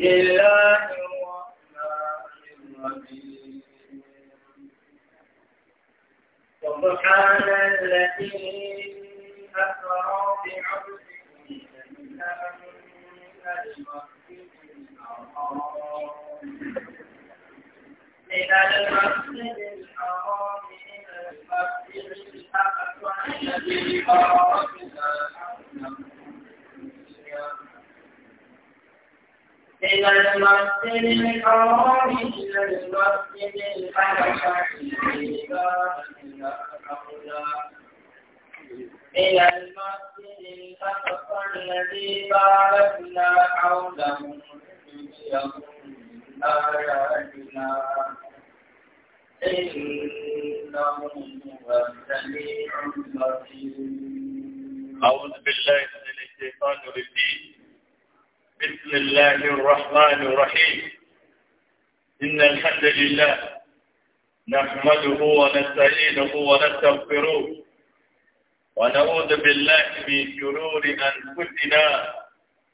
Y بسم الله الرحمن الرحيم إن الحمد لله نحمده ونستعينه ونستغفره ونعوذ بالله من شرور أنفسنا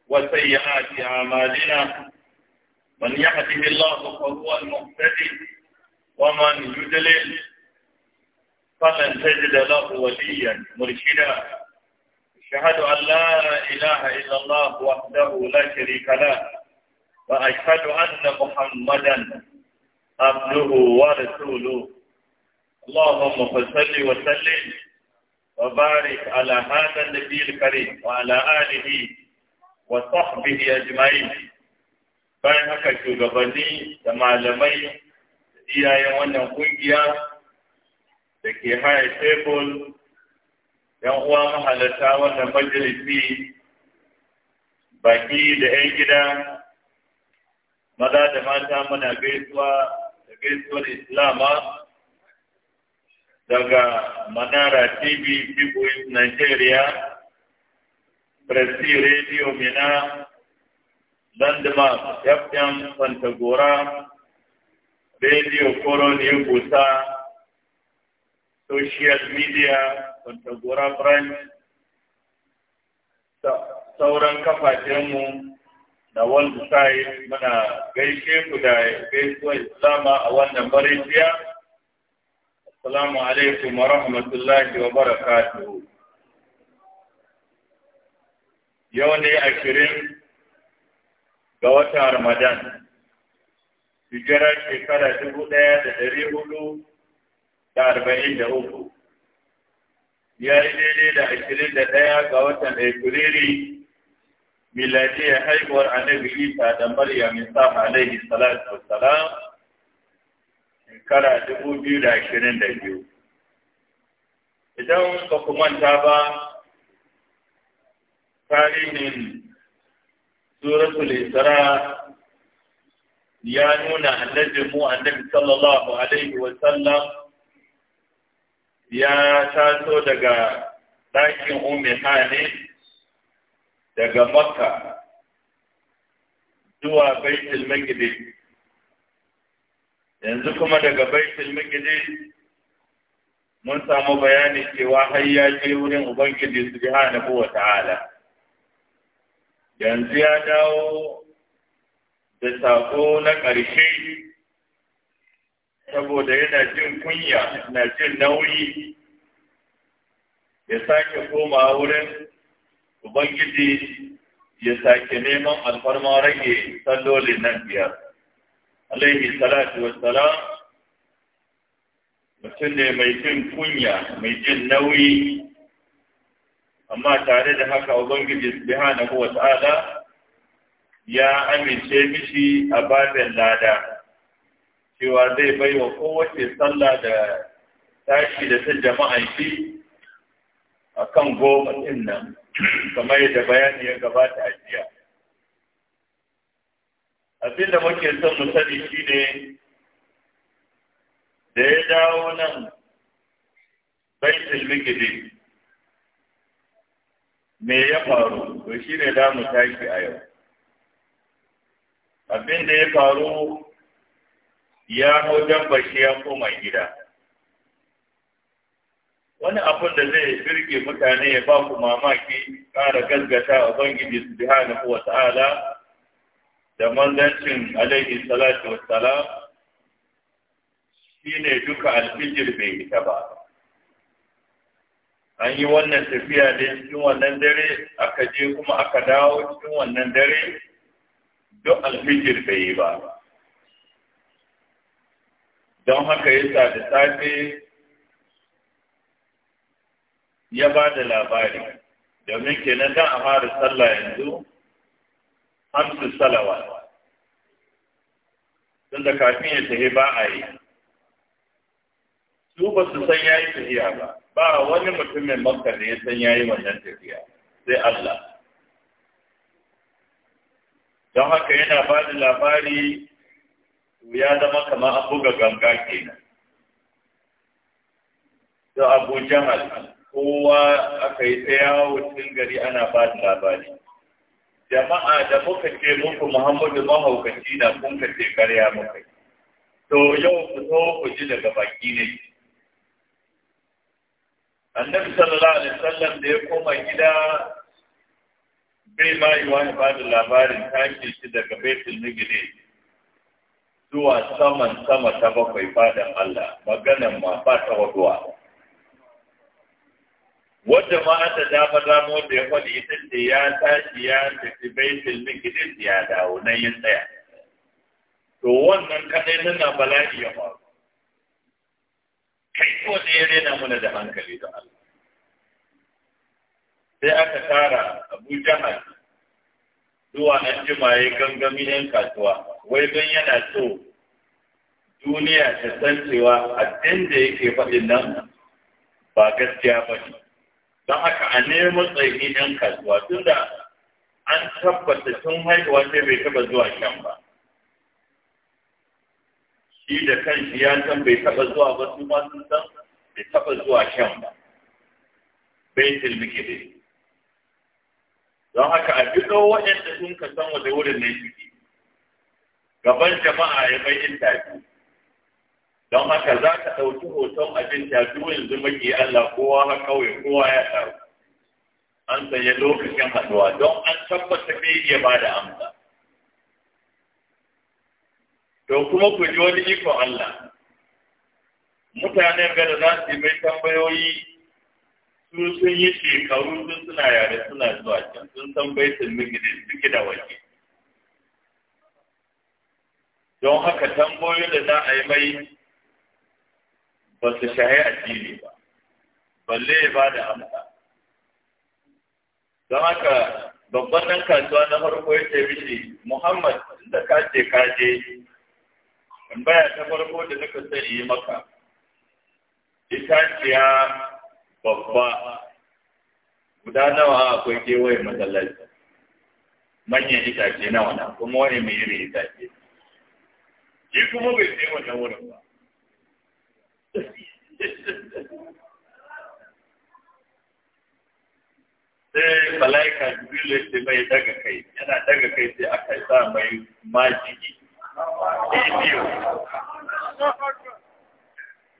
وسيئات أعمالنا من يهده الله فهو المهتدي ومن يدلل فلن تجد له وليا مرشدا أشهد أن لا إله إلا الله وحده لا شريك له وأشهد أن محمدا عبده ورسوله اللهم صل وسلم وبارك على هذا النبي الكريم وعلى آله وصحبه أجمعين bayan haka shugabanni da malamai iyayen wannan kungiya da ke haya tebul yan uwa mahalarta wannan majalisi baki da yan gida maza da mata muna gaisuwa da gaisuwar islama daga manara tv people's nigeria presi radio mina landmark fm fantagora radio koron busa social media, Kontagora branch, sauran kafafenmu da world side muna gaishe ku da gaisuwar islama a wannan barisiya. Assalamu alaikum wa rahmatullahi wa barakatuhu. Yau ne ashirin ga watan Ramadan, hijirar shekara dubu ɗaya da ɗari hudu da arba'in da uku ya yi daidai da ashirin da ɗaya ga watan Efiriri miladiyar haihuwar annabi Isa da Maryam Isa alaihi salatu wassalam shekara dubu biyu da ashirin da biyu. Idan ba ku manta ba tarihin suratul Isra ya nuna annabi mu annabi sallallahu alaihi wasallam ya taso daga ɗakin umi hane daga makka zuwa baitul magidi yanzu kuma daga baitul magidi mun samu bayani cewa har ya je wurin ubangiji hana buwa ta'ala yanzu ya dawo da sako na ƙarshe saboda yana jin kunya na jin nauyi ya sake koma wurin ubangiji ya sake neman alfarma rage sallolin nan biyar alaihi salatu wassalam mutum ne mai jin kunya mai jin nauyi amma tare da haka ubangiji subhanahu wa ta'ala ya amince mishi a babin lada cewa zai bai wa kowace sallah da tashi da ta jama'a shi a kan goma ɗin nan kamar yadda bayani ya gabata a jiya. Abin da muke son mu sani shi ne da ya dawo nan baitul mikidi me ya faru to shi ne za mu tashi a yau. Abin da ya faru ya hau dabba shi ya koma gida wani abun da zai birge mutane ya ba ku mamaki ƙara gaggata a bangiji su bi hana kuwa ta'ala da manzancin alaihi salatu salam shi ne duka alfijir bai ita ba an yi wannan tafiya ne cikin wannan dare aka je kuma aka dawo cikin wannan dare duk alfijir bai yi ba don haka yasa da safe ya ba da labari domin kenan dan a fara sallah yanzu hamsu salawa da kafin ya tafi ba a yi su ba su san yayi tafiya ba ba wani mutumin makka da ya san yayi wannan tafiya sai Allah don haka yana ba da labari ya zama kama an buga ganga kenan da abu jahal kowa aka yi tsaya wucin gari ana ba da labari jama'a da muka ce muku muhammadu mahaukaci na kun ka ce karya muka to yau ku zo ku ji daga baki ne annabi sallallahu alaihi wasallam da ya koma gida bai ma yi wani ba da labarin tashi shi daga baitul migdis zuwa saman sama ta bakwai fadan Allah maganan ma ba ta waduwa wadda ma ta dama damo da ya faɗi ita ce ya tashi ya tafi baitul gidan ya dawo nan ya tsaya to wannan kadai nuna bala'i ya faru kai ko ne ya rena mana da hankali da Allah sai aka tara Abu Jahal zuwa nan jimaye gangami yan kasuwa wai don yana so duniya ta san cewa addin da yake faɗin nan ba gaskiya ba ne don haka a nemi tsayi yan kasuwa tun da an tabbata tun haihuwa sai bai taɓa zuwa shan ba shi da kan shi ya san bai taɓa zuwa ba su ma sun san bai taɓa zuwa shan ba bai tilmiki dai don haka a duk waɗanda da ka san wata wurin ne ciki. gaban jama'a ya bai tafi don haka za ka ɗauki hoton abin tafi yanzu maki Allah kowa ha kawai kowa ya taru an sanya lokacin haɗuwa don an tabbata bai iya ba da amsa to kuma ku ji wani ikon Allah mutanen gada za su yi mai tambayoyi sun sun yi shekaru sun suna yare suna zuwa can sun san baitul maqdis suke da waje don haka tambayoyin da za a yi mai ba su a jini ba balle ya ba da amsa don haka babban ɗan kasuwa na farko ya ce mishi muhammad da ka ce ka je tambaya ta farko da nuka sani yi maka ya babba guda nawa akwai kewaye masallaci manyan itace nawa na kuma wani mai irin itace shi kuma bai sai wannan wurin ba sai malaika jibril sai mai daga kai yana daga kai sai aka sa mai a bidiyo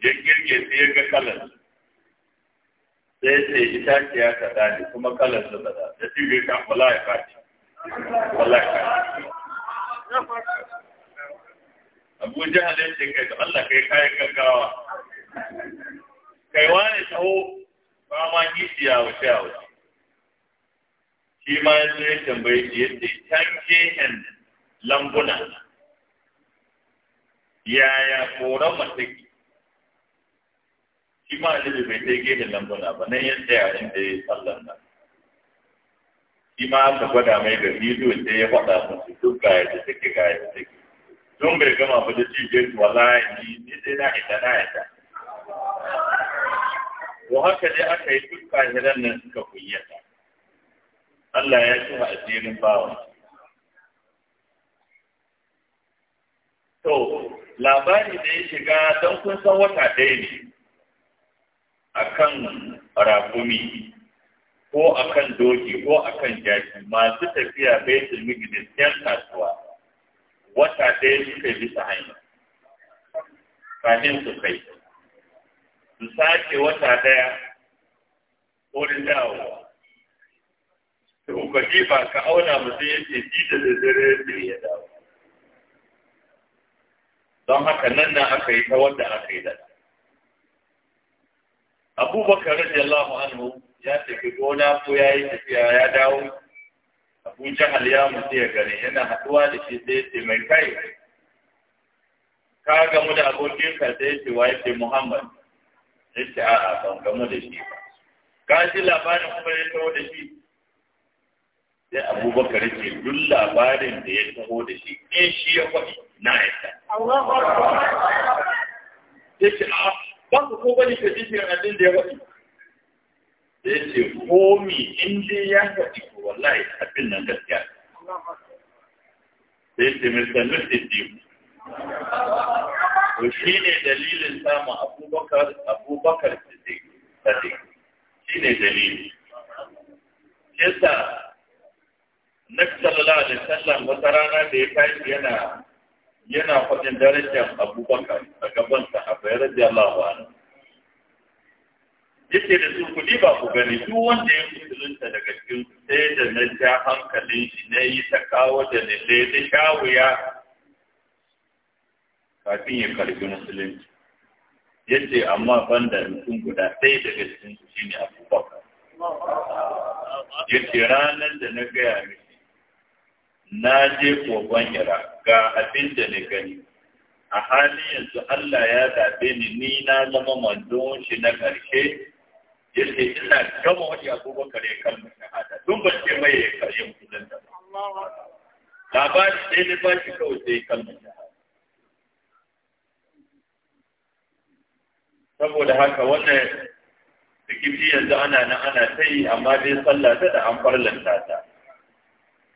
ya girge sai ya ga kalar sai ce ya ka dani kuma kalar su bada da shi bai ka wala ya kaci wala ya kaci abu jahalin ce kai ga Allah kai kayan gaggawa kai wani taho ba ma kishi ya wuce ya wuce shi ma ya zo ya tambaye shi yadda can kehen lambuna yaya koran mataki kuma annabi bai sai gefen na ba nan ya a inda ya sallan nan i ma aka gwada mai ga hizo sai ya faɗa musu duk ga yadda ke ga yadda ke, don bai gama ba da cije su wallahi ni sai na ita na ita wa haka dai aka yi duk kahiran nan suka ta Allah ya ci wa asirin bawa. to labari da ya shiga don kun san wata ɗaya ne akan rakumi ko akan doki ko akan jaki masu tafiya baitul maqdis yan kasuwa wata ɗaya suka yi bisa hanya kafin su kai su sake wata ɗaya da dawowa to ka ba ka auna mutum ya ce ji da dare da ya dawo don haka nan na aka yi ta wanda aka yi da abubakar radiyallahu anhu ya tafi gona ko ya yi tafiya ya dawo abu jahal ya mutu ya gani yana haɗuwa da shi sai ce mai kai ka gamu da ka sai ce wa yake muhammad Sai ce a'a ban gamu da shi ba ka ji labarin kuma ya taho da shi sai abubakar ce duk labarin da ya taho da shi in shi ya kwaɗi na yadda. Ya ce a'a ba su ko bane ka jijiyar abin da ya faɗi da ya ce komi in dai ya faɗi ko wallahi abin nan gaskiya da ya ce mr nurdin to shi ne dalilin sama abubakar abubakar siddiq shi ne dalili yasa nabi sallallahu alaihi wasallam wata rana da ya tashi yana yana faɗin darajar abubakar a gaban sahabai radiyallahu anhu yake da su kuɗi ba ku gani duk wanda ya musulunta daga cikin sai da na ja hankalin shi na yi ta kawo da na sai da shawuya kafin ya karbi musulunci yace amma ban mutum guda sai daga cikin shi shine abubakar yace ranar da na gaya mishi na je kogon yara ga abin da na gani a halin yanzu Allah ya zaɓe ni ni na zama manzon shi na ƙarshe yace ina gama wani abubakar ya kalma shahada tun ba ce mai ya karye musulun da shi sai na ba shi kawai sai kalma shahada saboda haka wannan rikici yanzu ana nan ana ta yi amma dai sallah ta da an farlanta ta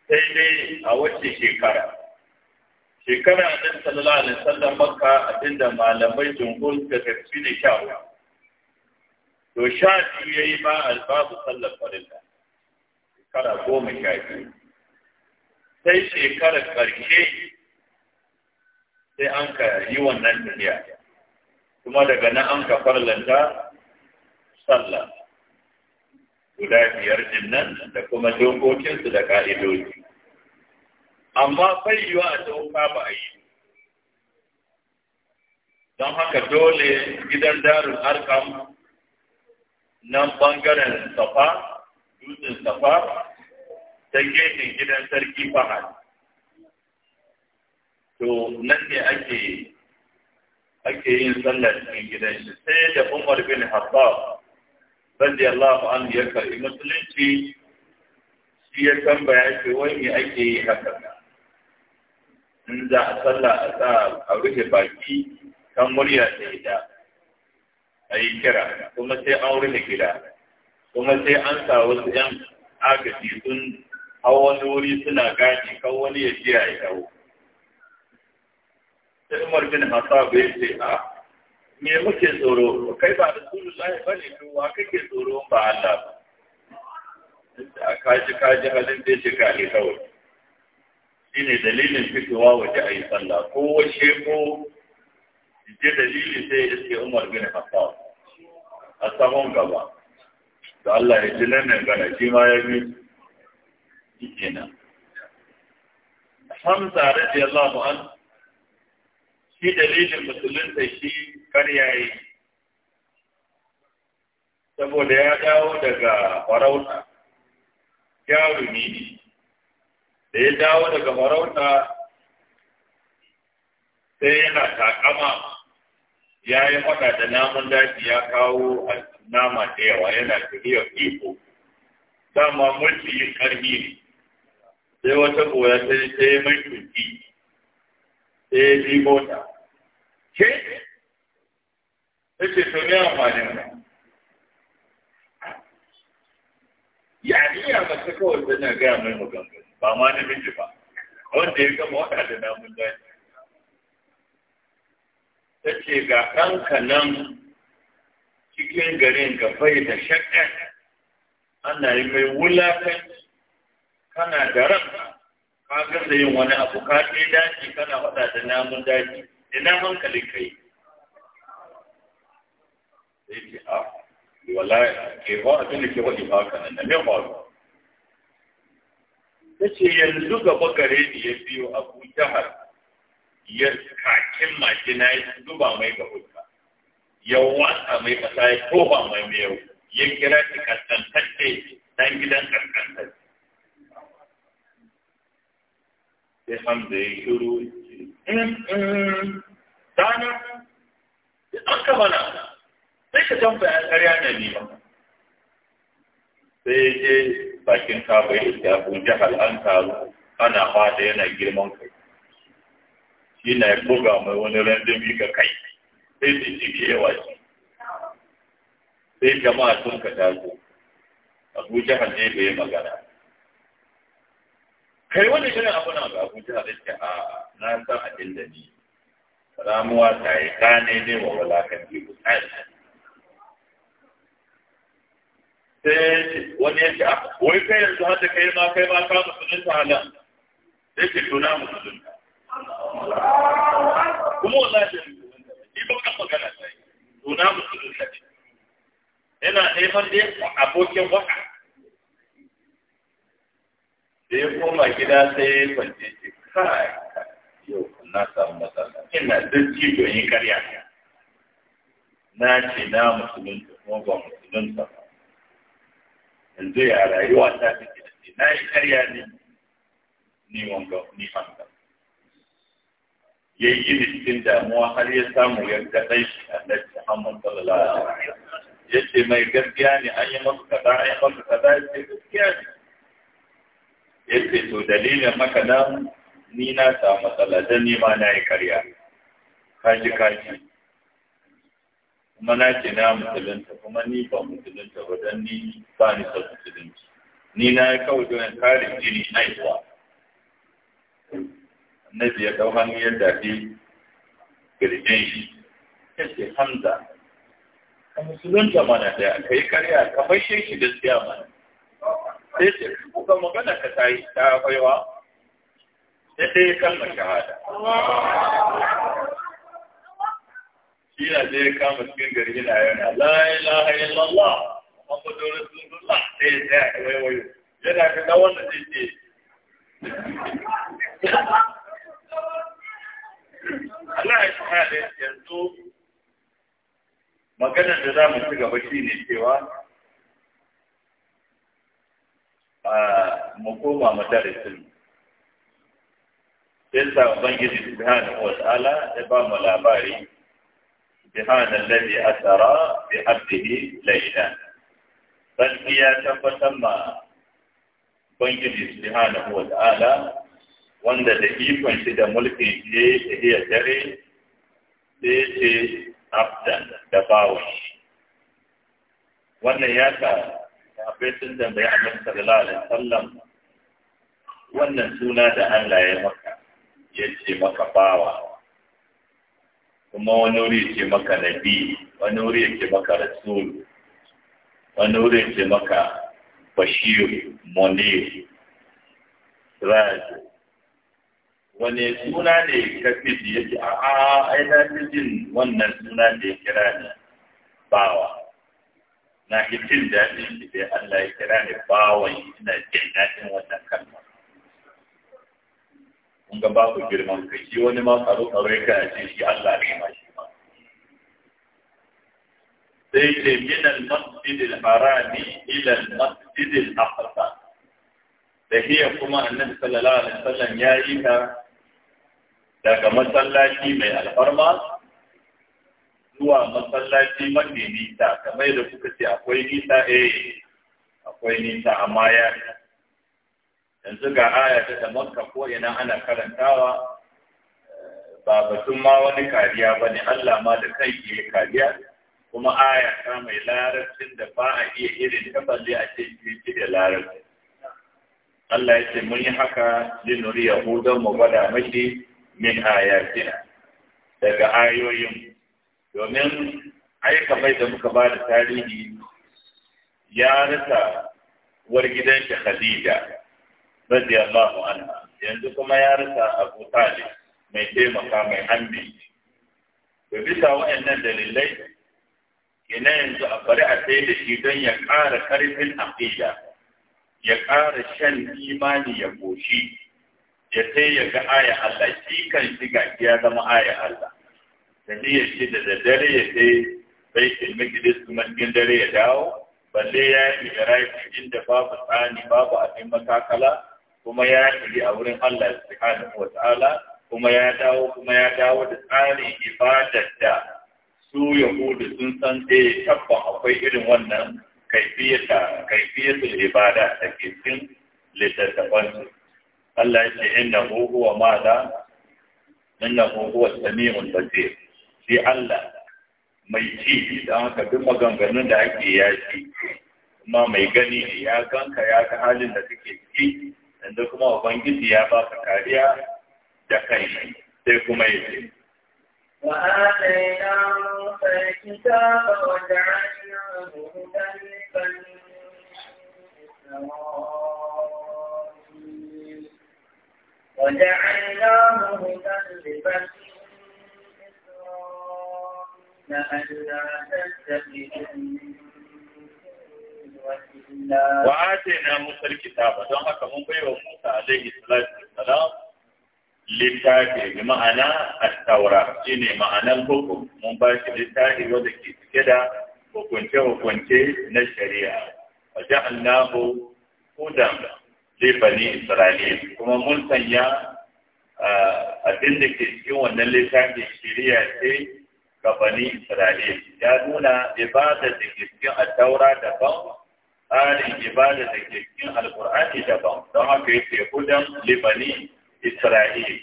sai dai a wacce shekara shekara nan sallallahu alaihi wasallam makka abinda malamai jumhur suka tafi da shawo to sha biyu yayi ba albabu sallar farilla shekara goma sha biyu sai shekarar ƙarshe sai an ka yi wannan tafiya kuma daga nan an ka farlanta sallah guda biyar din da kuma dokokinsu da ka'idoji. amma bai yiwa a tauka ba a yi don haka dole gidan darin arkam nan bangaren safa dutsen safa ta gefen gidan sarki fahad to nan ne ake ake yin sallar cikin gidan shi sai da umar bin habab allahu an ya karbi musulunci shi ya tambaya ce wai me ake yi haka in za a sallah a sa a rufe baki kan murya ta ita a yi kira kuma sai an rufe gida kuma sai an sa wasu ‘yan agaji sun hau wani wuri suna gane kan wani ya jiya ya dawo. Sai Umar bin Hassan bai ce a me muke tsoro kai ba da sulu lahi ba ne to wa kake tsoro ba Allah ba. Kaji kaji halin da ya shiga ne kawai. ne dalilin fitowa waje a yi sallah ko wace ko je dalilin sai iske Umar bin Khattab a sabon gaba da Allah ya ji nan gana shi ma ya bi kenan Hamza radiyallahu an shi dalilin musulun sai shi karyaye. saboda ya dawo daga farauta ya ne da ya dawo daga farauta sai yana takama ya yi faɗa da namun daji ya kawo a nama da yawa yana tafiyar iko dama mulki yin ƙarfi ne sai wata goya sai sai mai tuki sai ya ji mota ke ta ce to ne amfanin ka ya ni ya mace kawai gaya mai maganganu ba ma namiji ba wanda ya gama waɗanda namun daji ta ce ga ɗanka nan cikin garin ga bai da shakka ana yi mai wulakanci kana da ran ka gaza yin wani abu ka je daji kana wata da namun daji ina hankalin ka yi sai ce a ah, wala ke ba a da ke wani ba nan na mai ta ce yanzu gaba gare ni ya biyo abu jahar ya kakin majina ya zuba mai ga hulka ya watsa mai kasa ya toba mai miyau ya kira shi kaskantacce dan gidan kaskantacce sai hamza ya shiru mm, mm, dana an ka mana sai ka tambaya karya na ni ba sai je bakin kaba ya isa abu jihar an taru ana fada yana girman kai shi na buga mai wani randami ga kai sai su ke yawa ce sai jama'a sun ka taso abu jihar ne bai magana kai wani shirin abu na ga abu jihar ce a na san abin da ni ramuwa ta yi kane ne wa walakan biyu tsari sai wani ya ce ah, wai kai yanzu har da kai ma kai ma ka musulunta halan sai ce tuna musulunta kuma wallahi da ni ba kan magana sai tuna ta ce. ina neman dai abokin waka Sai ya koma gida sai ya kwance ce kai yau na samu matsala ina duk cikin yin karya na ce na musulunta kuma ba musulunta ba yanzu ya rayuwa ta take da na yi karya ne ni wanga ni hanga ya yi cikin damuwa har ya samu ya ga ɗan shi annabi Muhammad sallallahu alaihi wasallam ya ce mai gaskiya ne an yi masa kaza an yi masa kaza ya ce gaskiya ne ya ce to dalilin maka na ni na samu matsala don ni ma na yi karya kaji kaji kuma na ce na musulunta kuma ni ba musulunta ba don ni ba ni son musulunci ni na yi kawai don kare jini haihuwa annabi ya dau hannu yadda dafi girgin shi ya ce hamza ka musulunta mana da ka yi karya ka fashe shi gaskiya mana sai ce kuka magana ka ta yi ta baiwa sai ya kalmar shahada yana da ya kama cikin gari yana yana la ilaha illallah Muhammadu Rasulullah sai ya tsaya da waiwayo yana ka na wanda zai ce Allah ya shahada yanzu maganar da za mu ci gaba shi ne cewa mu koma madarisin sai sa Ubangiji Subhanahu wa ta'ala ya ba mu labari سبحان الذي أسرى بعبده ليلا tabbatar ma بنجي سبحانه وتعالى wanda da ikon shi da mulkin shi ya iya dare sai ce abdan da bawon shi wannan ya ka akwai sun tambayi annabi sallallahu alaihi wasallam wannan suna da Allah ya ya ce kuma wani wuri ce maka nabi wani wuri ce maka rasul wani wuri ce maka bashir monir raj wani suna ne ka fi ya ce a a ai na fi jin wannan suna da ya kira ni bawa na fi jin daɗin da Allah ya kira ni bawan ina jin daɗin wannan kalmar kun ga ku girman kai shi wani ma tsaro tsaro ya kana shi Allah ne ma shi ba. sai ce min al-masjid al-harami ila al-masjid al-aqsa da hiya kuma annabi sallallahu alaihi wasallam ya yi ta daga masallaci mai alfarma zuwa masallaci mafi nisa kamar da kuka ce akwai nisa eh akwai nisa amma ya yanzu ga aya ta da ko ina ana karantawa ba batun ma wani kariya ba ne Allah ma da kai ke kariya kuma aya ta mai larabcin da ba a iya irin ta balle a ce shi da larabci Allah ya ce mun yi haka linuri yahudan mu gwada mashi min ayatina daga ayoyin domin aika mai da muka ba da tarihi ya rasa wargidan gidan shi Khadija radiyallahu anha yanzu kuma ya rasa Abu Talib mai taimaka mai hambi to bisa waɗannan dalilai ina yanzu a bari a sai da shi don ya ƙara ƙarfin aqida ya ƙara shan imani ya goshi ya sai ya ga aya Allah shi kan shi ga ya zama aya Allah tafi ya ce da daddare ya sai baitul maqdis kuma cikin dare ya dawo balle ya yi miraji inda babu tsani babu abin matakala kuma ya shiri a wurin Allah subhanahu wata'ala kuma ya dawo kuma ya dawo da tsarin ibadar da su yahudu sun san eh tabban akwai irin wannan kaifiyata kaifiyatul ibada da ke cikin su Allah ya ce innahu huwa ma da innahu huwa samiul basir shi Allah mai ci dan haka duk maganganun da ake ya kuma mai gani ya ganka ya ga halin da kake ciki yanzu kuma Ubangiji ya ba ka kariya da kai sai kuma ya ce. وجعلناه هدى لبني إسرائيل أن لا تتخذوا وآتينا موسى الكتاب دون حكا ممبئي وموسى عليه الصلاة والسلام لتاكي بمعنى التوراة جيني معنى الحكم مباشر لتاكي وذكي كده وكنتي وكنتي من الشريعة وجعلناه هدام لبني إسرائيل كما موسى يا أدنك يسيو أن اللي كان الشريعة كبني إسرائيل جادونا إبادة يسيو التوراة دفعه tsarin ibada da ke cikin alkur'ani daban don haka yake hudan libani isra'il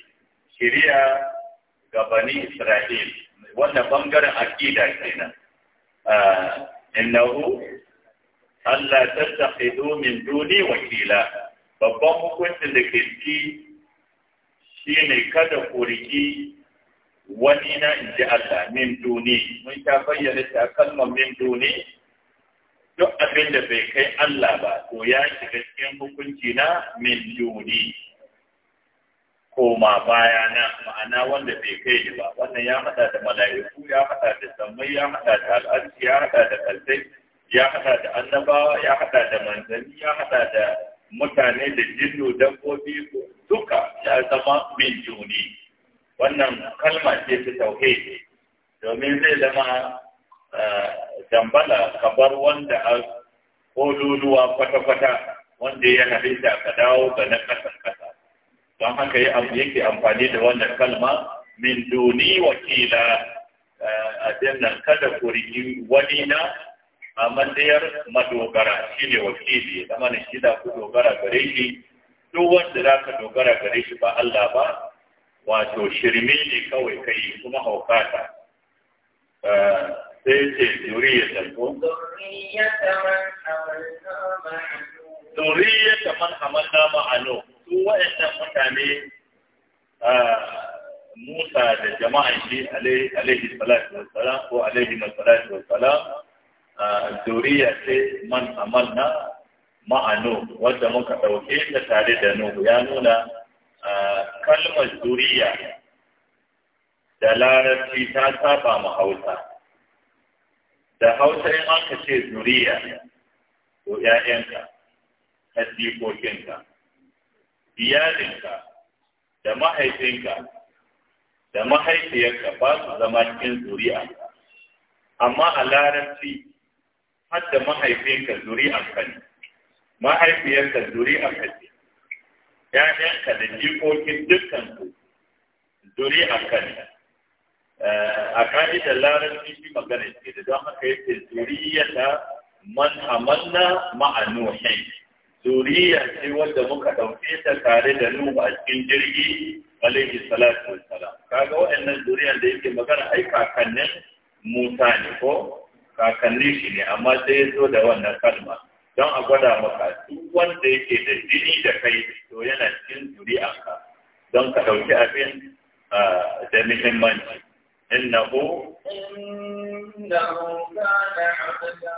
shirya ga bani isra'il wanda bangaren akida kenan ah, innahu Allah tafi domin duni wakila babban hukuncin da ke ci shi ne kada ku riki wani na in ji Allah min duni mun ta bayyana ta kalmar min duni duk abin da bai kai Allah ba to ya shiga cikin hukunci na min koma baya na ma'ana wanda bai kai ni ba wannan ya hada da mala'iku ya hada da sammai ya hada da al'arshi ya hada da kalsai ya hada da annabawa ya hada da manzanni ya hada da mutane da jinnu dabbobi duka ya zama min wannan kalma ce ta tauhidi domin zai zama Eh, dambala ka wanda a kololuwa kwata-kwata wanda ya da ka dawo ga na ƙasar ƙasa don haka yi yake amfani da wannan kalma min duni wakila eh, a nan kada ku riƙi wani na a matsayar madogara shi ne wakili zama ne shi da ku dogara gare shi duk wanda za ka dogara gare shi ba Allah ba wato shirme ne kawai kai kuma haukata eh, سيتي ذرية ذرية من حملنا مع ذرية من حملنا مع نوح هو إحنا متعني موسى للجماعة عليه عليه الصلاة والسلام وعليه الصلاة والسلام ذرية من حملنا مع نوح وده آه، آه، ممكن توكيل تعريض نوح يعني كلمة ذرية da larabci ta saba ma da hausa in aka ce zuriya ko ‘ya'yanka, tasdikokinka, iyalinka, da mahaifinka, da mahaifiyarka ba su zama cikin zuriya. Amma a larabci, har da mahaifinka zuri'anka ne, mahaifiyarka zuri'anka ce, ‘ya'yanka da jikokin dukkansu zuri'anka ne. Eh, a da larabci shi magana ce da don haka yake ta man amanna ma'a zuriya ce wanda muka ɗauke ta tare da nu a cikin jirgi alaihi salatu wassalam kaga waɗannan zuriyar da yake magana ai kakannin musa ne ko kakanni shi ne amma sai zo da wannan kalma don a gwada maka duk wanda yake da jini da kai to yana cikin zuri'anka don ka ɗauki abin eh, da muhimmanci إنه إنه كان عبدا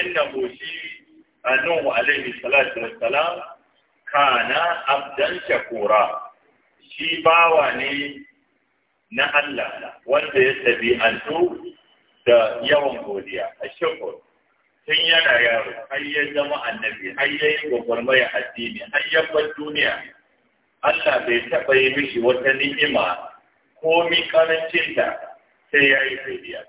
إنه شيء أنه عليه الصلاة والسلام كان عبدا شكورا shi bawa ne na Allah wanda ya da yawan godiya a shakur tun yana yaro har ya zama annabi har ya yi gwagwarmaya addini har ya bar duniya Allah bai taɓa yi mishi wata ni'ima komi karancinta sai ya yi zai biya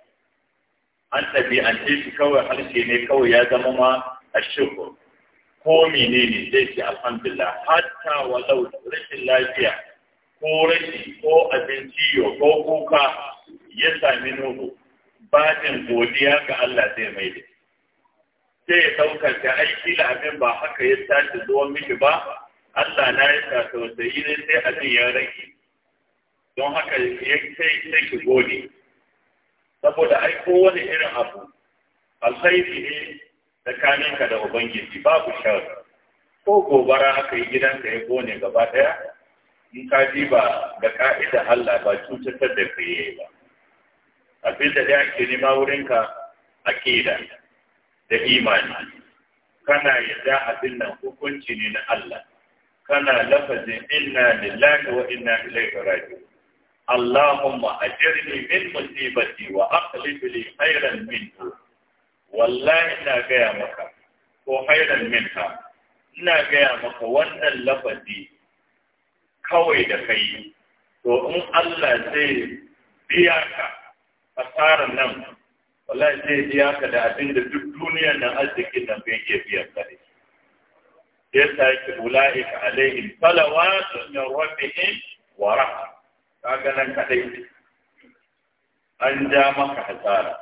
an tabi'ance shi kawai harshe ne kawai ya zama ma a shukur ko menene zai ce alhamdulillah hatta walau rashin lafiya ko rashi ko abin ciyo ko kuka ya sami nuhu bajin godiya ga Allah zai mai da sai ya ɗaukar aiki da abin ba haka ya tashi zuwa miki ba Allah na ya sa tausayi ne sai abin ya rage don haka sai ki gode saboda ai kowane irin abu alhaifi ne tsakaninka da ubangiji babu shari ko gobara aka yi gidanka ya gone gaba ɗaya in ka ba ga ka'ida Allah ba cutar da ka yi ba abin da ya ke nema wurinka akida da imani kana yadda abin nan hukunci ne na Allah kana lafazin inna lillahi wa inna ilaihi raji'un اللهم أجرني من مصيبتي وأخلف لي خيرا منها والله لا جاي مكة وخيرا منها لا جاي مكة وأن اللفظي كوي دخي وأن الله زي بياك أصار نم والله زي بياك لأبين الدنيا نأزك إن بيجي بياك لي يسأل أولئك عليهم صلوات من ربهم ورحمة ka kadai an ja maka hasara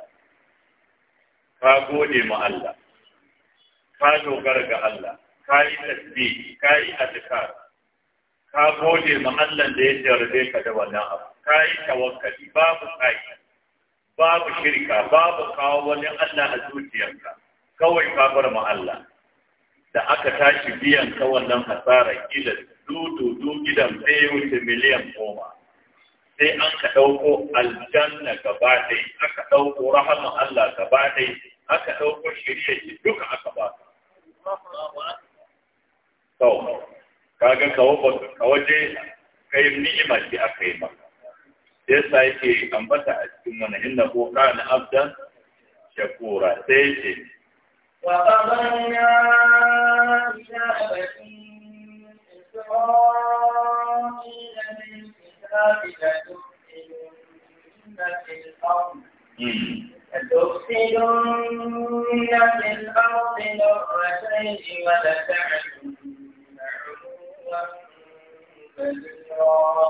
ka gode ma Allah ka dogara ga Allah ka yi tasbihi ka yi azkar ka gode ma Allah da ya jarrabe ka da wannan abu ka yi tawakkali babu kai babu shirka babu kawo wani Allah a zuciyarka kawai ka bar ma Allah da aka tashi biyan ka wannan hasara kila dudu du gidan sai wuce miliyan goma sai an ka ɗauko aljanna gaba ɗai aka ɗauko "Rahama Allah gaba ɗai aka ɗauko shirya shi duka aka ba to kaga ka waje kai ni'ima ce aka yi ba. Sai sa yake ambata a cikin wani inda ko ƙana abdan shakura sai yake وقضينا إلى بني إسرائيل كاذبة إن في الأرض لتفسدن في مرتين ولتعلن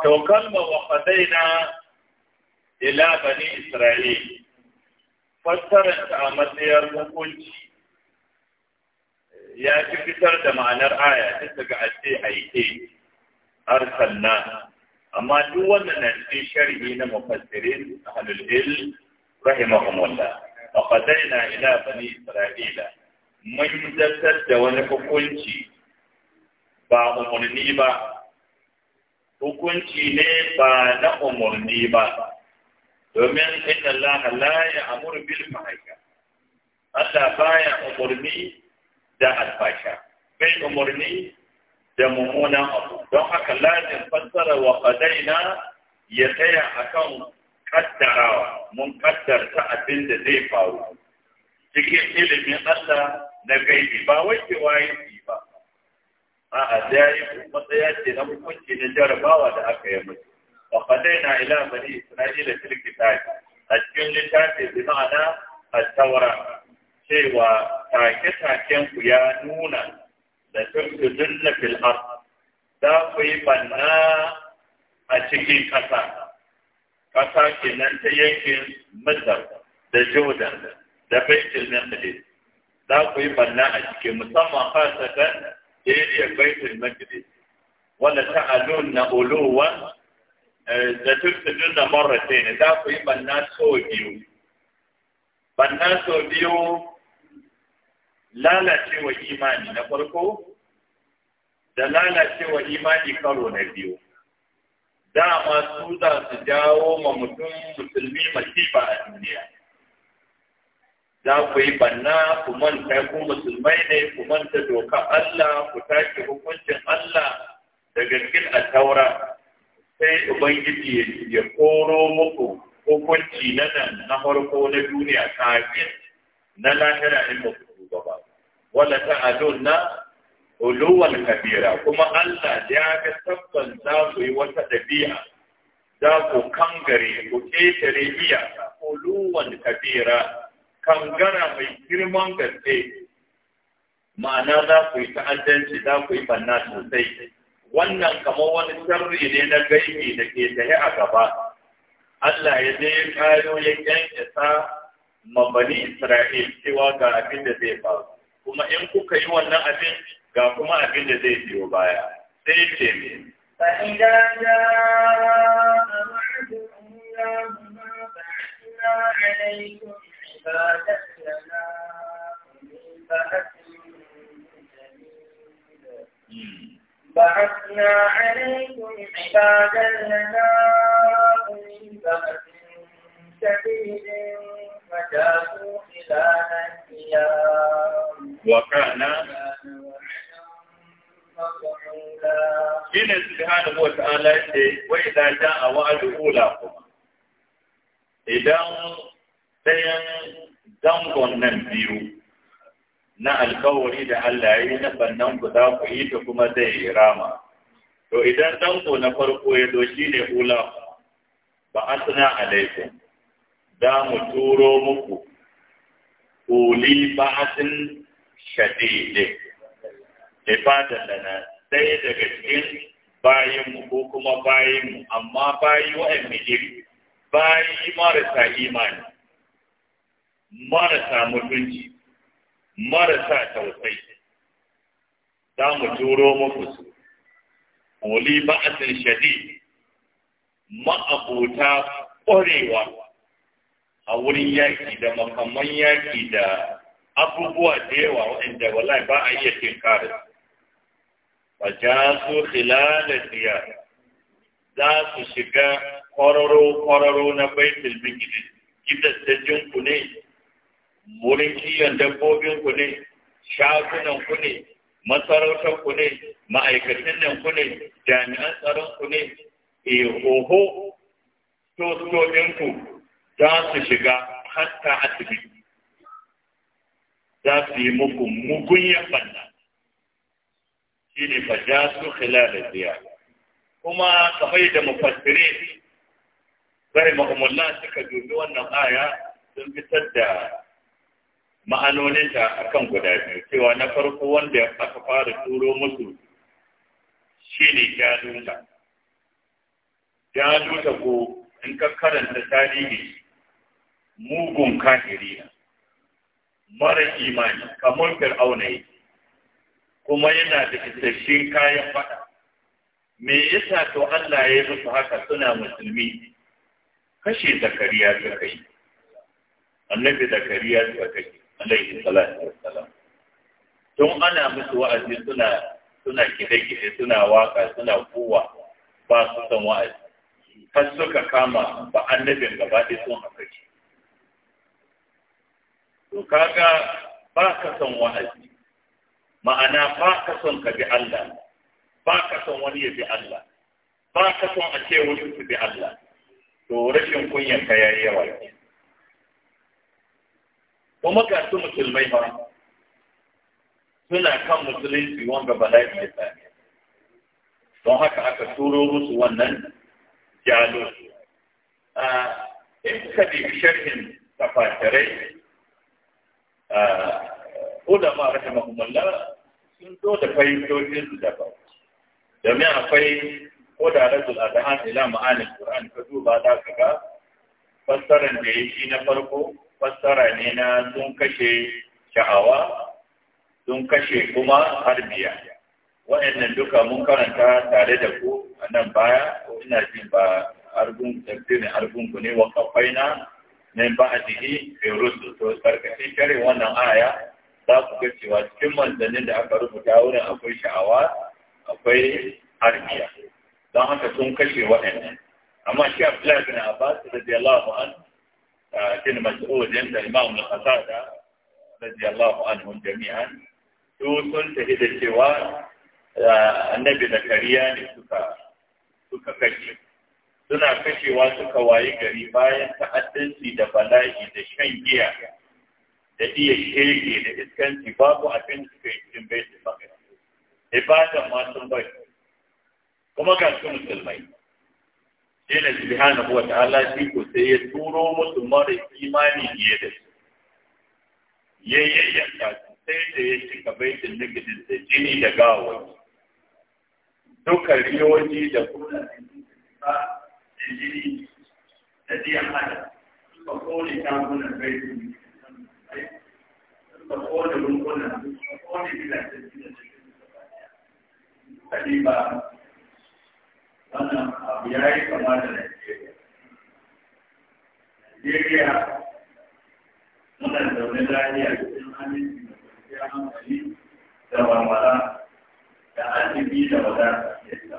To kalma wa fadaina ila Isra'il, fassararta a matsayar hukunci ya fi fitar da ma'anar aya duk daga ace aike, arsalna amma duk wannan na cikin sharhi na mufassirin ahlul ilm rahimahumullah fa qadaina ila bani isra'ila mun zartar da wani hukunci ba umarni ba hukunci ne ba na umarni ba domin inna Allah la ya'muru bil fahsha Allah baya umarni da alfasha bai umarni da mummunan abu don haka lazim fassara wa qadaina ya tsaya a kan kaddarawa mun kaddarta abin da zai faru cikin ilimin Allah na gaibi ba wai riwayi ba a'a dai matsaya ce na hukunci na jarabawa da aka yi mutu wa na ila bari, isra'ila fil a cikin littafi bi ma'ana a taura cewa take-taken ku ya nuna da tufsidunna fil ard za ku yi banna a cikin ƙasa ƙasa kenan ta yankin Masar da Jordan da Baitul Maqdis za ku yi banna a cikin musamman fasatan area Baitul Maqdis wala ta'alun na uluwa da tufsidun na marratain za ku yi banna sau biyu banna sau biyu lalacewa imani na farko da lalacewa imani karo na biyu dama su za su jawo ma mutum musulmi masifa a duniya za ku yi banna ku manta ku musulmai ne ku manta doka Allah ku tashi hukuncin Allah da gaskin a taura sai Ubangiji ya koro muku hukunci na nan na farko na duniya kafin na lahira in muku tuba ba wala ta'alunna uluwan kabira kuma Allah ya ga tabban za ku yi wata dabi'a za ku kangare ku ketare biya uluwan kabira kangara mai girman gaske ma'ana za ku yi ta'addanci za ku yi banna sosai wannan kamar wani sharri ne na gaibi da ke tahi a gaba Allah ya je ya kayo ya mabani Isra'il cewa ga abin da zai faru kuma in kuka yi wannan abin ga kuma abin da zai biyo baya sai ce me فإذا جاء وعد أولاهما بعثنا عليكم عبادا لنا أولي سبيل فجاءوا خلالا الخيام وكان Shine subhanahu wa ta'ala ce wai da ta a wa'adu ula kuma. Idan ɗayan zangon nan biyu na alkawari da Allah ya yi na bannan guda za ku yi ta kuma zai yi rama. To idan zango na farko ya zo shi ne ula ba suna alaikum. za mu turo muku uli ba'asin shadidin ibadan na ɗaya daga cikin bayanmu ko kuma bayanmu amma bayi wa'yan mijiri bayi marasa imani marasa mutunci marasa tausayi za mu turo muku su uli ba'asin shadid ma'abuta ƙwarewa a wurin yaki da makamman yaki da abubuwa da yawa waɗanda wallahi ba a iya tinkarin ba ja su khilalar diya za su shiga kwararo-kwararo na baitul bigidi gidajen ku ne wurin kiyon dabbobin ku ne shagunan ku ne masarautar ku ne ma'aikatan nan ku ne jami'an tsaron ku ne eh oho to za su shiga hatta asibiti za su yi muku mugun yabanna shi ne ba za su da ziya kuma kamar da mufassire bai mahimmanla suka dubi wannan aya sun fitar da ma'anoninta a kan guda biyu cewa na farko wanda aka fara turo musu shi ne Ya jaluta ko in ka karanta tarihi mugun kafiri na mara imani kamar fir'auna yi, kuma yana da isasshen kayan fada me yasa to Allah ya yi musu haka suna musulmi kashe zakariya suka yi annabi zakariya suka kashe alaihi salatu salam. tun ana musu wa'azi suna suna kide-kide suna waka suna kowa ba su san wa'azi har suka kama ba annabin gaba ɗaya sun haka ce to kaga ba ka son wa'azi ma'ana ba ka son ka bi Allah ba ka son wani ya bi Allah ba ka son a ce wani su bi Allah to rashin kunyar ka yayi yawa kuma ga su musulmai ba suna kan musulunci wanda bala'i ya sami don haka aka turo musu wannan jalo ah, in ka bi sharhin tafasirai ulama rahimahumullah sun zo da fahimtocin su bau. domin akwai ko da rasul adhan ila ma'anin qur'an ka duba za ka ga Fassara da ya shi na farko fassara ne na sun kashe sha'awa sun kashe kuma harbiya Wa'annan duka mun karanta tare da ku a nan baya ko ina jin ba argun ne wa kafaina min jiki, fi rusul to karkashin kare wannan aya za ku ga cewa cikin manzannin da aka rubuta wurin akwai sha'awa akwai harbiya don haka sun kashe waɗannan amma shi Abdullahi bin Abbas radiyallahu an kin mas'udin da Imam al-Qasada radiyallahu anhum jami'an su sun tafi da cewa annabi da kariya ne suka suka kashe suna kashewa suka wayi gari bayan ta'addanci da bala'i da shan giya da iya shege da iskanci babu abin da suka yi cikin baitul maqdis ibadan ma sun bai kuma ga su musulmai sai da subhanahu wa ta'ala shi ko sai ya turo musu mara imani ne da su su sai da ya cika baitul maqdis da jini da gawa duka riyoyi da kuma da jini da biyan hada suka kone tamunan bai suka kone rumbunan suka kone gidajen gidajen kadi ba wannan abu ya yi kama da Najeriya. Najeriya muna zaune lafiya cikin aminci da kwanciyar hankali da walwala da arziki da wadata ke da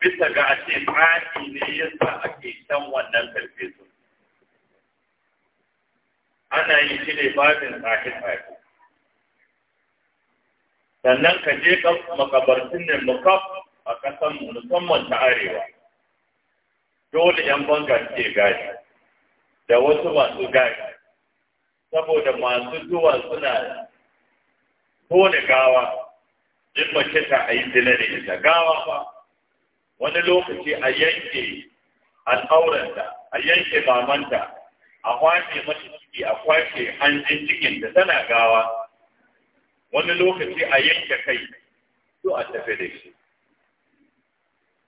bisa ga a ce fadi ne yasa ake can wannan karfe ana yi shi ne babin tsakin tsakin sannan ka je makabartin ne mukaf a kasan musamman ta arewa dole yan bangar ke gadi da wasu masu gadi saboda masu zuwa suna tone gawa in mace ta a yi zina da ita gawa ba wani lokaci a yanke al'auranta a yanke mamanta a kwashe mata ciki a kwashe hanjin cikin da tana gawa wani lokaci a yanke kai to a tafi da shi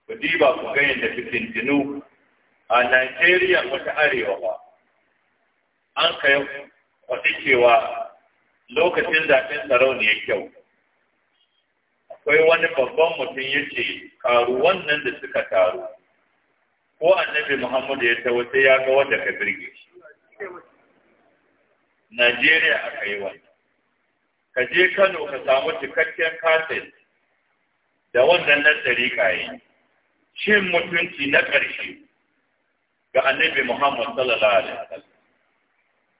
ku diba ku ga yadda fitintinu a Najeriya wata arewa ba an kai kwaɗi cewa lokacin zaɓen tsaro ne ya kyau akwai wani babban mutum ya ce karu wannan da suka taru ko annabi muhammadu ya tawo sai ya ga wanda ka birge shi najeriya a yi wani ka je kano ka samu cikakken kaset da wannan na tsarika yi cin mutunci na ƙarshe ga annabi muhammad sallallahu alaihi wasallam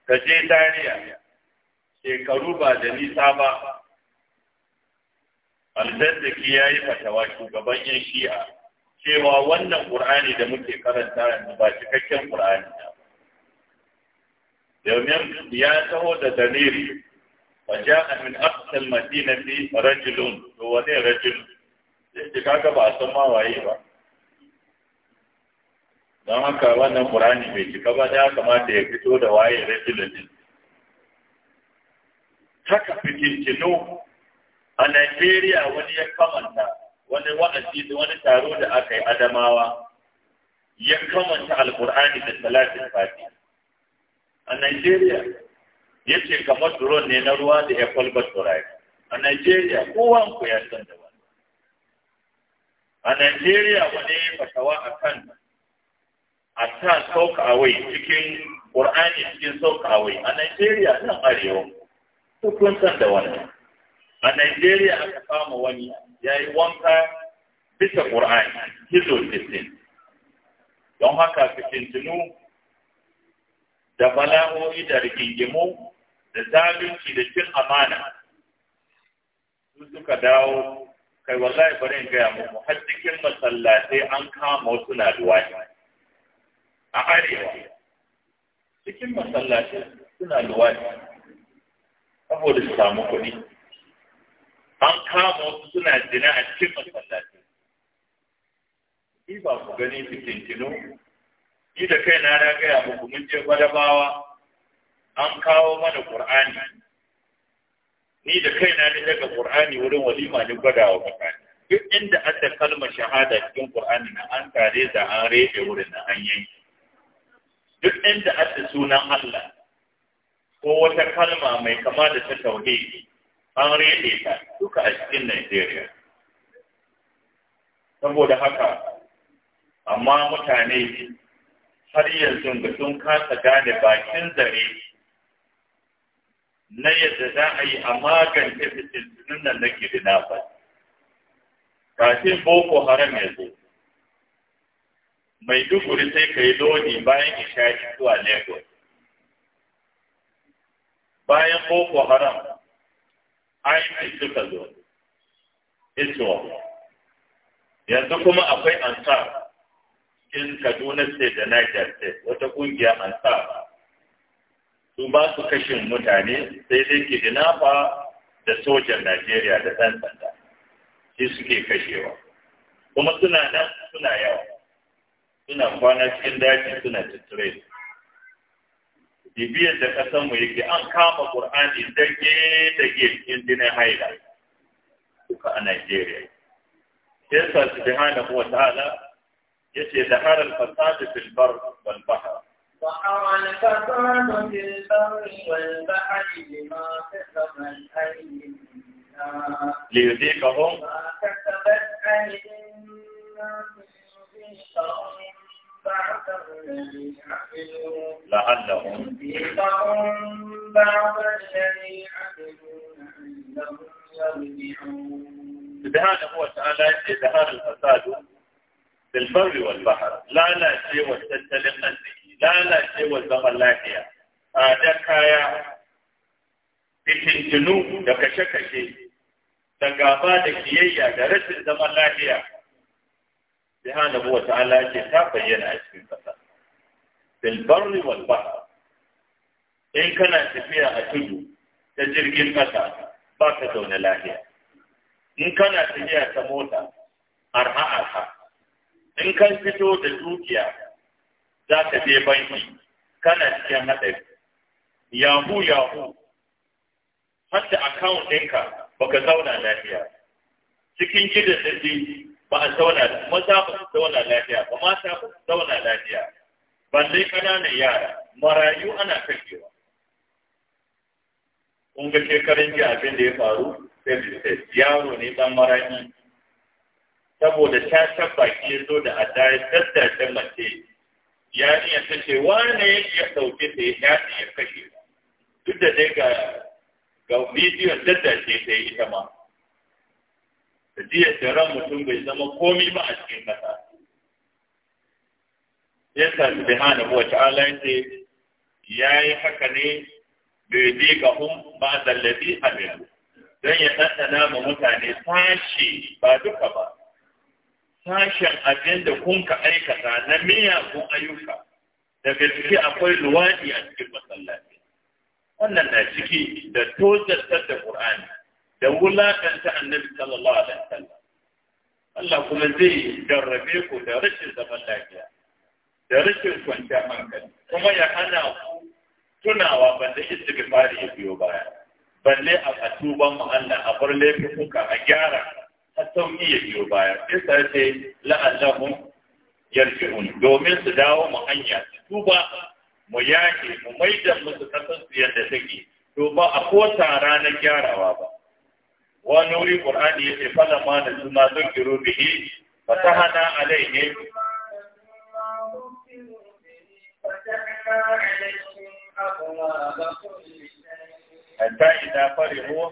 ka je dariya shekaru ba da nisa ba alzazzaki ya yi fatawa shugaban yan shi'a cewa wannan ƙur'ani da muke karanta yanzu ba cikakken Qur'ani ba. Domin ya taho da daliri wa ja'a min aqsal madinati rajulun to wani rajul sai kaga ba san ma waye ba. Don haka wannan Qur'ani bai cika ba ya kamata ya fito da waye rajulun Haka fitintinu a Najeriya wani ya kamanta wani wa'azi da wani taro da aka yi Adamawa ya kamanta Alƙur'ani da Salatin Fati. A Najeriya ya ce kamar drone ne na ruwa da ya kwalba turai. A Najeriya kowan ku ya san da wani. A Najeriya wani fatawa a kan a ta saukawai cikin Ƙur'ani cikin saukawai a Najeriya nan arewa. Duk san da wani. a Nigeria, aka kama wani ya yi wanka bisa Ƙur'ani hizo fitin. don haka fitintinu da bala'o'i da rigingimu da zalunci da cin amana su suka dawo kai wallahi bari in gaya muku har cikin masallatai an kama wasu na a arewa cikin masallatai suna luwaɗi saboda su samu kuɗi an kama wasu suna zina a cikin masallaci ba ku gani tintino, ni da kai na gaya muku mun je gwadabawa an kawo mana qur'ani ni da kai na daga qur'ani wurin walima ni gwadawa mutane duk inda an da kalmar shahada cikin qur'ani na an tare da an rede wurin na an yanki duk inda aka sunan Allah ko wata kalma mai kama da ta tauhidi an rede ta duka a cikin Najeriya. Saboda haka, amma mutane har yanzu ga sun kasa gane bakin zare na yadda za a yi a magance fitintunan nan na kidnapper. Kafin Boko Haram ya zo, mai duguri sai ka yi lodi bayan isha'i zuwa Lagos. Bayan Boko Haram, ainihin suka zo iswa yanzu kuma akwai ansa in kaduna state da niger state wata kungiya ansa su ba su kashin mutane sai dai kidinafa da sojan najeriya da ɗan sanda shi suke kashewa kuma suna nan suna yawa suna kwana cikin daji suna tattare bibiyar da ƙasar mu yake an kama Qur'ani dage dage cikin dinin haila duka a Najeriya yasa subhanahu wa ta'ala yace da haral fasad fil bar wal bahr ظهر الفساد في البر والبحر بما كسبت أيدي الناس ليذيقهم ما كسبت أيدي الناس لعلهم سبحانه وتعالى ظهر الفساد في البر والبحر لا لا شيء والتسلق الزكي لا لا شيء والزمن لاهية هذا كايا fitintinu da kashe-kashe da gaba da kiyayya da rashin zaman lafiya subhanahu wa ta'ala ce ta bayyana a cikin kasa fil barri wal bahr in kana tafiya a tudu ta jirgin kasa ba ka zaune lafiya in kana tafiya ta mota arha arha in kan fito da dukiya za ka je banki kana cikin haɗari yahu yahu hatta akawun ɗinka baka zauna lafiya cikin gidan da ba a zauna kuma ba su zauna lafiya ba ma ba su zauna lafiya balle ƙananan yara marayu ana kashewa kun ga shekarun ji abin da ya faru sai yaro ne dan marayu saboda ta baki ya zo da adda ya daddace mace ya iya kashe wane ya sauke ta ya yaɗi ya kashe duk da dai ga bidiyon daddace ta ita ma da jiya ran mutum bai zama komi ba a cikin kasa yasa subhanahu wa ta'ala ya yi haka ne bai bi ga hun ba da ladhi don ya tattana ma mutane sashi ba duka ba sashen abin da kun ka aikata na miyagun ayyuka daga ciki akwai luwaɗi a cikin masallaci wannan na ciki da tozartar da ƙur'ani da wulaƙanta annabi sallallahu alaihi wasallam Allah kuma zai jarrabe ku da rashin zaman lafiya da rashin kwanciyar hankali kuma ya hana ku tunawa balle istighfari ya biyo baya balle a tuban mu Allah a bar laifuka a gyara a sauki ya biyo baya sai sai la'allahu yarji'un domin su dawo mu hanya su tuba mu yaƙi, mu maida musu kasar su yadda take to ba a ko tara gyarawa ba wani wuri qur'ani yace fala ma da suna zukiru bihi حتى إذا فرحوا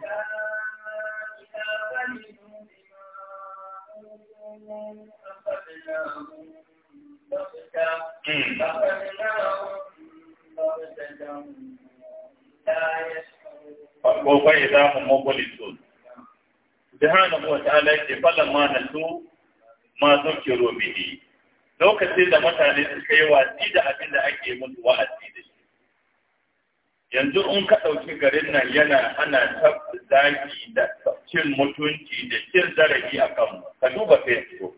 وفإذا هم مبلسون subhanahu wa ta'ala yake falan ma na su ma bihi lokacin da mutane suka yi wasi da abin da ake wa wa'azi da shi yanzu in ka ɗauki garin nan yana ana tab zaki da cin mutunci da cin zarafi a kanmu ka duba facebook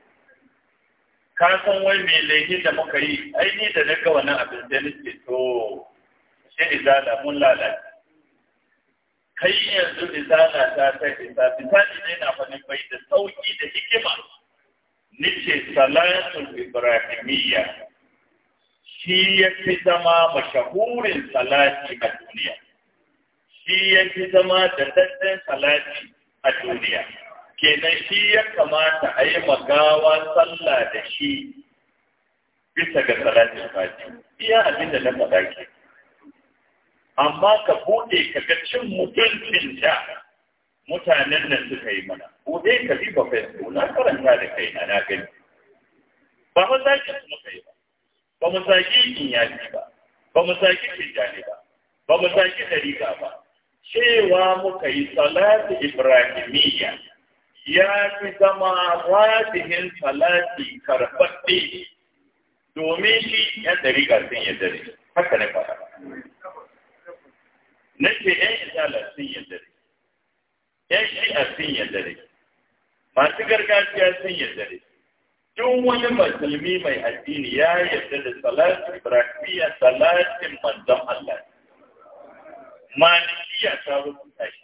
ka san wai mai laifin da muka yi ai da na ga wannan abin da nake to shi izala mun lalace kai yanzu risala ta ta isa misali ne na fani bai da sauki da hikima nice salatul ibrahimiyya shi ya fi zama mashahurin salati a duniya shi ya fi zama da daddan salati a duniya kenan shi ya kamata a yi magawa sallah da shi bisa ga salatin fati iya abin da na faɗa kenan amma ka buɗe ka ga cin mutuncin ta mutanen nan suka yi mana buɗe ka bi ba fesu na karanta da kai na na gani ba mu zaki su muka yi ba ba mu zaki inyaki ba ba mu zaki tijjani ba ba mu zaki dariƙa ba cewa muka yi salatu ibrahimiyya ya fi zama rajihin salati karɓaɗɗe domin shi ya dariƙa sun yi dare, haka ne fara nake ‘yan izala sun yadda ne, ‘yan shi'a sun yadda ne, masu gargajiya sun yadda ne, tun wani musulmi mai addini ya yarda da salatin ibrahimiyya salatin manzon Allah. Malikiya ta rubuta shi,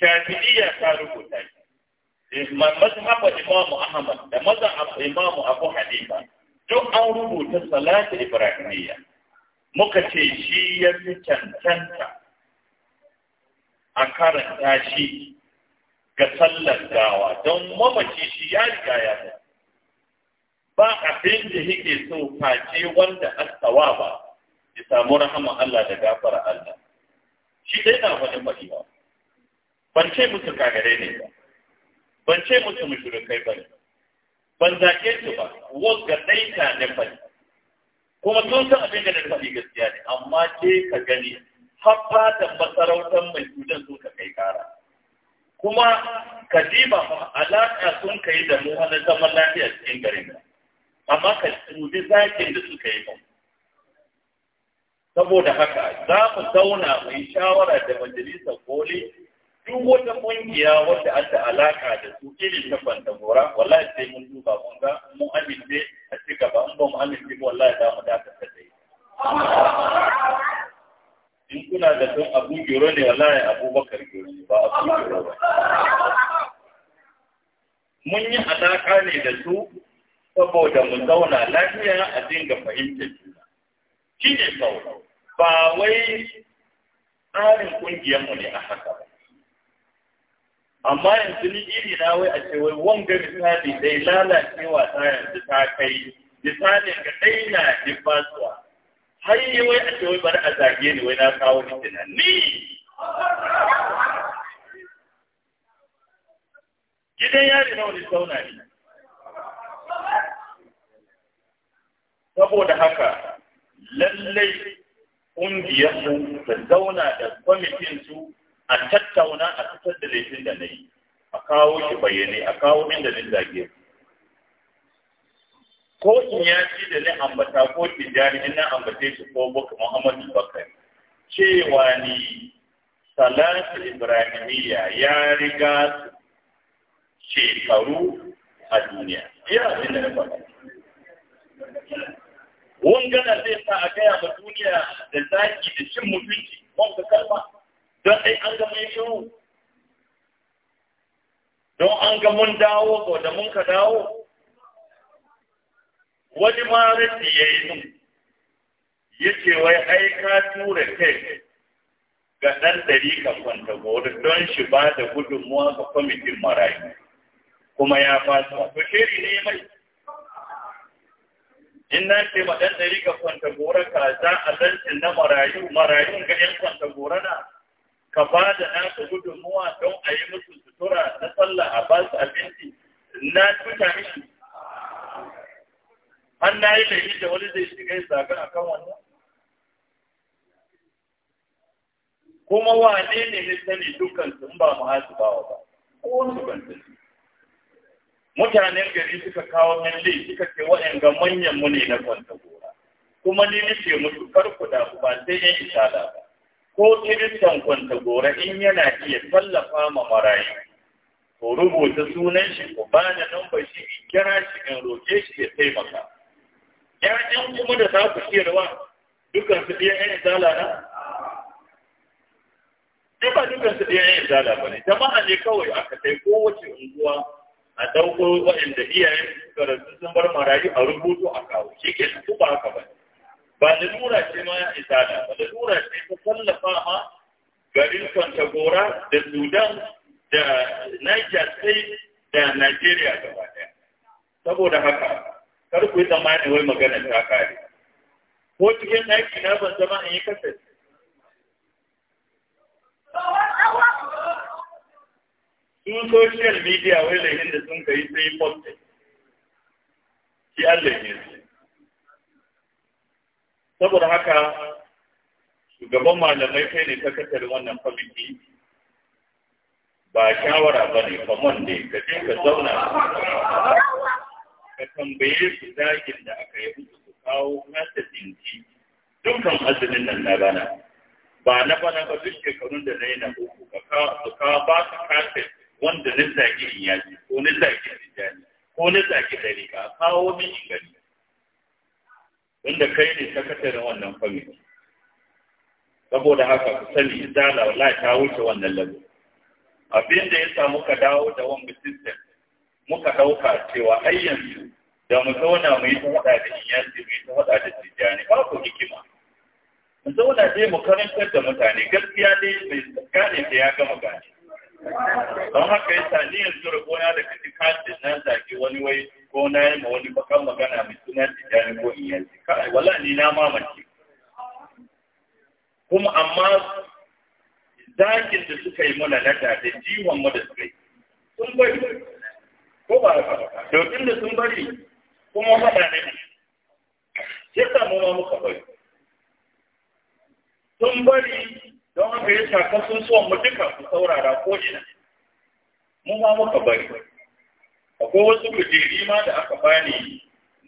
Shafi'iyya ta rubuta shi, eh, mazhabar Imam Ahmad da mazhabar Imam Abu Hanifa tun an rubuta salatin ibrahimiyya. Muka ce shi ya fi cancanta a karanta shi ga sallar gawa don mamaci shi ya riga ya mutu ba abin da yake so face wanda astawa ba ya samu rahama Allah da gafara Allah shi dai na faɗin faɗi ba ban ce musu kagare ne ba ban ce musu kai ba ban zake su ba wanda ɗaita ne ba. kuma tun san abin da na faɗi gaskiya ne amma ce ka gani da masarautar mai gudan sun ka kai kara kuma kadiba alaƙa sun kai da mu wani zaman lafiya cikin garin nan amma ka dubi zakin da suka yi mu saboda haka za mu zauna mu yi shawara da majalisar koli duk wata ƙungiya wadda an da alaka da su irin ta wala wallahi sai mun duba mun ga mun amince a cigaba, in ba mu amince wallahi za mu dakata da in kuna da sun abu gero ne wallahi abubakar gero ba abu gero ba mun yi alaƙa ne da su saboda mu zauna lafiya a dinga fahimtar juna shi ne sau ba wai tsarin ƙungiyarmu ne a haka ba amma yanzu ni iri na wai a ce wai wanga misali dai lalacewa ta yanzu ta kai misalin ga na difasuwa har yi wai a ce wai bari a zage ni wai na kawo fitina ni gidan yari na wani sauna ne saboda haka lallai ƙungiyar mu ta zauna da su a tattauna a fitar da laifin da na yi a kawo shi bayyane a kawo da na zage ko in ya ce da ni ambata ko tijjani in na ambace shi ko baka muhammadu bakari cewa ni salatu ibrahimiyya ya riga su shekaru a duniya Ya abin da na faɗa wangana zai sa a gaya ba duniya da zaki da cin mutunci wanda kalma don ai an gama ya don an ga mun dawo ko da mun ka dawo wani ma ya yi ya ce wai ai ka tura kai ga ɗan ɗari kan kwanta gori don shi ba da gudunmuwa ga kwamitin marayu kuma ya su to shiri ne mai in na ce ma ɗan ɗari ga kwanta gori ka za a zancin na marayu marayun ga ƴan kwanta gori na ka ba da naka gudunmuwa don a yi musu sutura na sallah a ba su abinci na tuta mishi an na yi laifi da wani zai shiga a kan kuma wane ne ne sani dukkan sun ba mu hasu wa ba ko wani ban mutanen gari suka kawo min laifi suka ce waɗanda manyan mu ne na kwanta gora kuma ni nace musu farko da ku ba sai yan isala ba ko kiristan kwanta gora in yana iya tallafa ma marayu ko rubuta sunan shi ko bada numbar shi in kira shi in roƙe shi ya taimaka ‘ya'yan kuma da za ku ciyarwa dukkan su biyan ‘yan izala na? Sai ba dukkan su ‘yan izala ba ne, jama'a ne kawai aka kai kowace unguwa a ɗauko waɗanda iyayen karatu sun bar marayu a rubutu a kawo, shi ke su ba haka ba. Ba da nura ce ma ‘yan izala ba, da nura ce ta tallafa ma garin Kwantagora da Sudan da Niger State da Nigeria gaba ɗaya. Saboda haka, kar ku yi tsammani wai magana ta kare ko cikin aiki na ban zama in yi kasance sun social media wai laifin da sun kai sai postin shi an laifin su saboda haka shugaban malamai kai ne ta kasar wannan kwamiti ba shawara ba ne kwamon ne ka ce ka zauna ka tambaye su zagin da aka yi musu su kawo nasa dinki dukkan azumin nan na bana ba na bana ba duk shekarun da na yi na uku ka kawo ba ka kafin wanda na zagi in yaji ko na zagi tijjani ko na zagi dare ka kawo min in gani wanda kai ne sakataren wannan fami. saboda haka ku sani izala wallahi ta wuce wannan labo abin da ya samu ka dawo da wani system muka ɗauka cewa ai yanzu da mu zauna mu yi ta faɗa da iyanci mu yi ta faɗa da tijjani ba ku hikima mu zauna dai mu karantar da mutane gaskiya dai mai gane da ya gama gane don haka ya sa ni yanzu rabona daga cikin kasin na zaki wani wai ko na yi ma wani bakan magana mai suna tijjani ko iyanci kai wala ni na mamaki. kuma amma zakin da suka yi mana na da jiwon mu da suka yi ko ba haka to da sun bari kuma faɗa ne sai samu ma muka bari sun bari don haka ya shafa sun suwan mu duka ku saurara ko ina mu ma muka bari akwai wasu kujeri ma da aka bani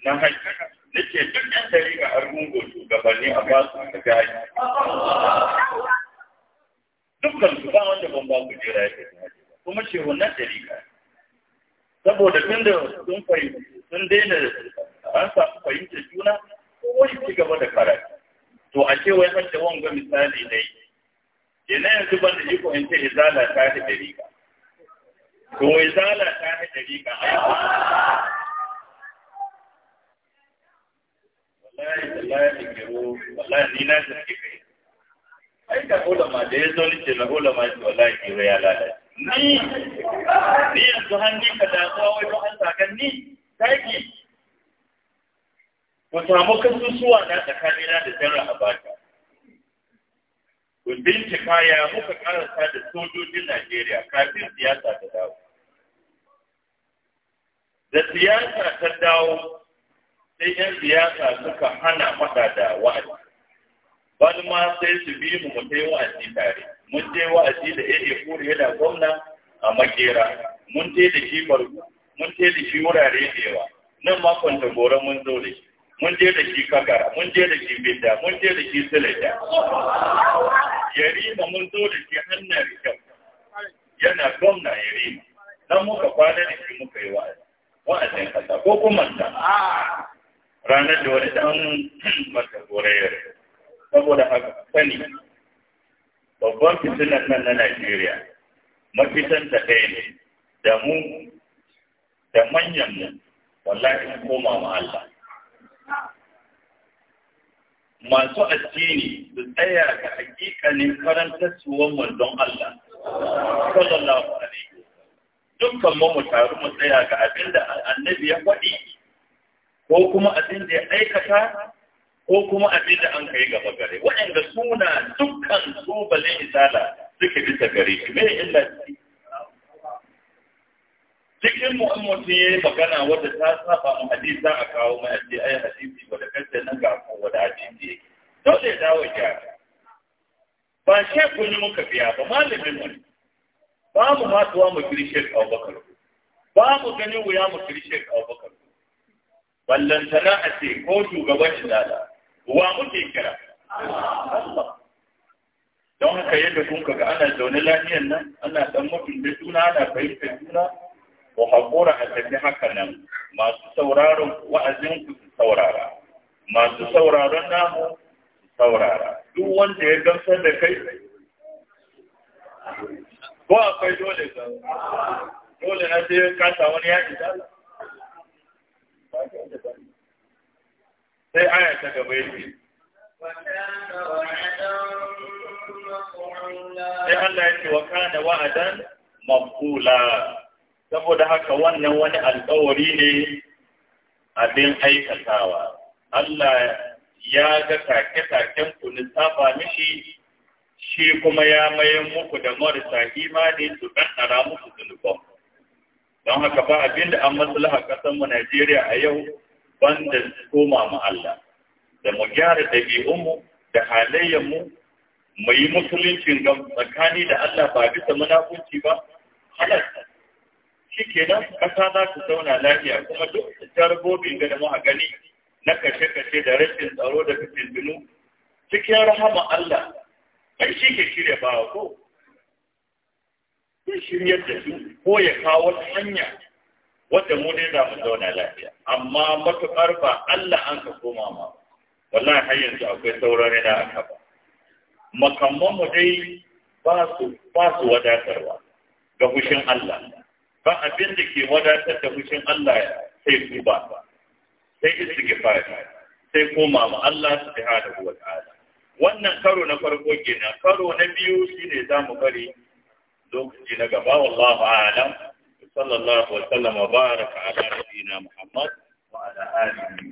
na hajji na ce duk 'yan dari a argungo shugabanni a ba su ka gaji dukkan su ba wanda ban ba ku jira ya kuma ce wannan dari saboda tun da sun fahimci sun daina an samu fahimtar juna kowai ci gaba da karatu to a ce wai hadda wanga misali dai ina yanzu ban da iko in ce izala ta da dariƙa to izala ta da dariƙa wallahi wallahi ingiro wallahi ni na shi kai ai da ulama da ya zo ni ce na ulama wallahi ingiro ya lalace ni ni yanzu hannun ka damuwa wai an sakan ni taki ku samu kasusuwa na tsakanina da zarra a baka ku bincika ya muka karanta da sojojin Najeriya kafin siyasa ta dawo da siyasa ta dawo sai 'yan siyasa suka hana mada da wa'azi wani ma sai su bi mu mu sai wa'azi tare mun je wa'azi da AA Kuri yana gwamna a makera mun je da shi bargu mun je da shi wurare da yawa nan makon da gora mun zo da shi mun je da shi kakara mun je da shi bidda mun je da shi silata yarima mun zo da shi hannar kyau yana gwamna yarima Nan muka kwana da shi muka yi wa'azi wa'azin kasa ko kuma ta ranar da wani dan mata gora saboda haka sani babban fitinan nan na Najeriya mafitan ta ɗaya ne da mu da manyan mu wallahi mu koma ma Allah masu addini su tsaya ga hakikanin karantar suwan manzon Allah sallallahu alaihi dukkan mu mu taru mu tsaya ga abin annabi ya faɗi ko kuma abin da ya aikata ko kuma abin da an kai gaba gare waɗanda suna dukkan su balin isala suke bisa gare shi mai illa cikin mu'ammatin ya yi magana wadda ta saba mu hadisa a kawo mai aji ayi hadisi wadda kanta nan ga ko wadda hadisi yake dole ya dawo gyara ba shi ne muka biya ba malamin mu ba mu matuwa mu kiri shek abubakar ba mu gani wuya mu kiri shek abubakar ballantana a ce ko shugaban izala wa muke kira don haka yadda kun kaga ana zaune lafiyar nan ana dan da juna ana fahimtar juna ko haƙura a tafi haka nan masu sauraron wa'azin ku su saurara masu sauraron namu su saurara duk wanda ya gamsar da kai ko akwai dole ka dole na sai ka wani ya isa sai aya ta gaba yake sai Allah ya wa kana wa'adan mafula saboda haka wannan wani alƙawari ne abin aikatawa Allah ya ga take-taken ku lissafa mishi shi kuma ya maye muku da marasa imani su ɗanɗara muku zunuban don haka ba abin da an ƙasar mu Najeriya a yau banda koma mu Allah da mu gyara ɗabi'unmu da halayyarmu mu yi musulunci, ga tsakani da Allah ba bisa munafunci ba halar shi ke nan ƙasa za su zauna lafiya kuma duk jarabobin da mu a gani na kashe-kashe da rashin tsaro da fitintunu cikin rahama Allah kai shi ke shirya ba ko zai shiryar da su ko ya kawo hanya wanda mu dai za mu zauna lafiya amma matuƙar ba Allah an ka koma ma wallahi har yanzu akwai sauran da a ba makamman mu dai ba su ba su wadatarwa ga fushin Allah ba abin da ke wadatar da fushin Allah sai ku ba sai istighfar sai koma ma Allah subhanahu wa ta'ala wannan karo na farko kenan karo na biyu shine zamu bari lokaci na gaba wallahu a'lam sallallahu wa sallam wa baraka ala nabiyyina Muhammad wa ala